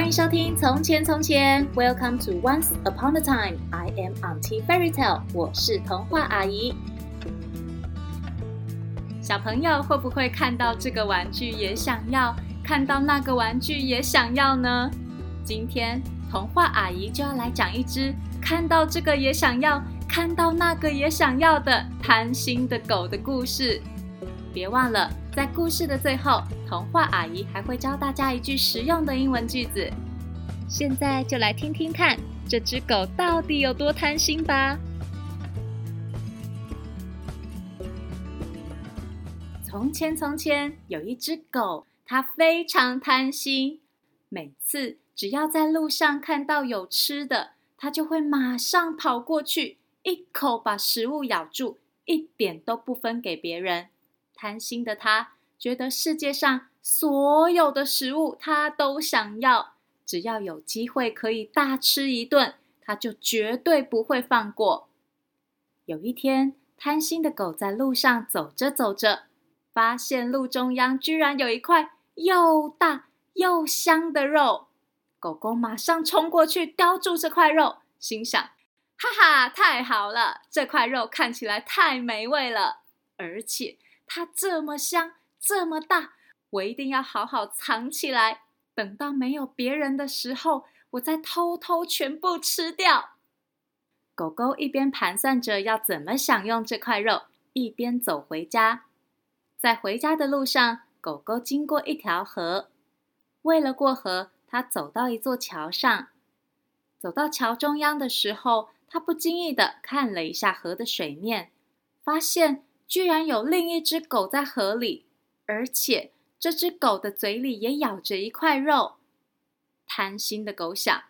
歡迎收聽《從前從前》，Welcome to Once Upon a Time。I am Auntie Fairy Tale，我是童話阿姨。小朋友會不會看到這個玩具也想要，看到那個玩具也想要呢？今天童話阿姨就要來講一隻看到這個也想要，看到那個也想要的貪心的狗的故事。別忘了，在故事的最後，童話阿姨還會教大家一句實用的英文句子。現在就來聽聽看這隻狗到底有多貪心吧！從前從前有一隻狗，它非常貪心。每次只要在路上看到有吃的，它就會馬上跑過去，一口把食物咬住，一點都不分給別人。貪心的他覺得世界上所有的食物他都想要，只要有機會可以大吃一頓，他就絕對不會放過。有一天，貪心的狗在路上走着走着，發現路中央居然有一塊又大又香的肉。狗狗馬上衝過去叼住這塊肉，心想：哈哈，太好了！這塊肉看起來太美味了，而且。它這麼香，這麼大，我一定要好好藏起來。等到沒有別人的時候，我再偷偷全部吃掉。狗狗一邊盤算着要怎麼享用這塊肉，一邊走回家。在回家的路上，狗狗經過一條河，為了過河，它走到一座橋上。走到橋中央的時候，它不經意地看了一下河的水面，發現。居然有另一隻狗在河裡，而且這隻狗的嘴裡也咬着一塊肉。貪心的狗想：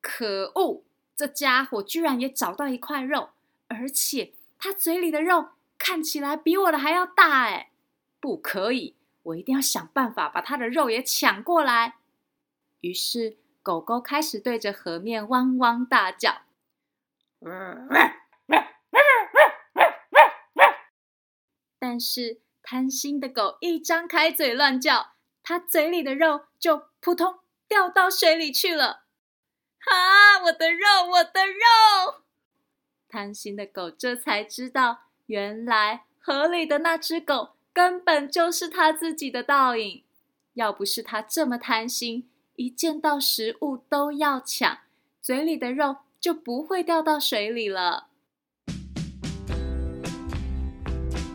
可惡，這家伙居然也找到一塊肉，而且他嘴裡的肉看起來比我的還要大誒。不可以，我一定要想辦法把他的肉也搶過來。於是，狗狗開始對着河面汪汪大叫。嗯嗯但是貪心的狗一張開嘴亂叫，它嘴裡的肉就撲通掉到水裡去了。啊，我的肉，我的肉！貪心的狗這才知道，原來河裡的那只狗根本就是它自己的倒影。要不是它這麼貪心，一見到食物都要搶，嘴裡的肉就不會掉到水裡了。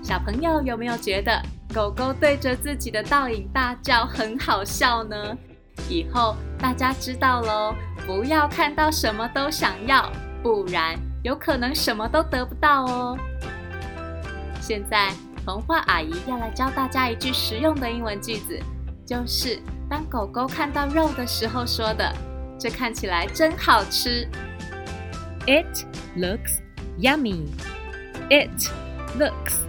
小朋友有沒有覺得狗狗對着自己的倒影大叫很好笑呢？以後大家知道嘍，不要看到什麼都想要，不然有可能什麼都得不到哦。現在童話阿姨要來教大家一句實用的英文句子，就是當狗狗看到肉的時候說的：“這看起來真好吃。” It looks yummy. It looks.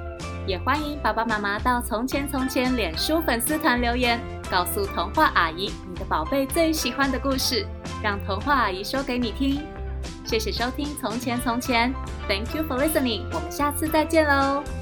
也歡迎爸爸媽媽到《從前從前》臉書粉絲團留言，告訴童話阿姨你的寶貝最喜歡的故事，讓童話阿姨說給你聽。謝謝收聽《從前從前》，Thank you for listening。我們下次再見嘍。